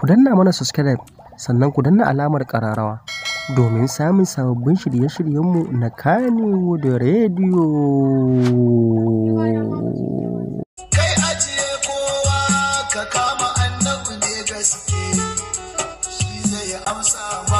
ku danna mana subscribe sannan ku danna alamar ƙararawa, domin samun sababbin shirye-shiryenmu na kanewo da rediyo. ka kama annabu ne gaske, shi amsa ba.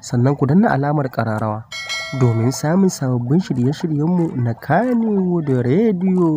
sannan ku danna alamar ƙararrawa domin samun sababbin shirye-shiryenmu na da rediyo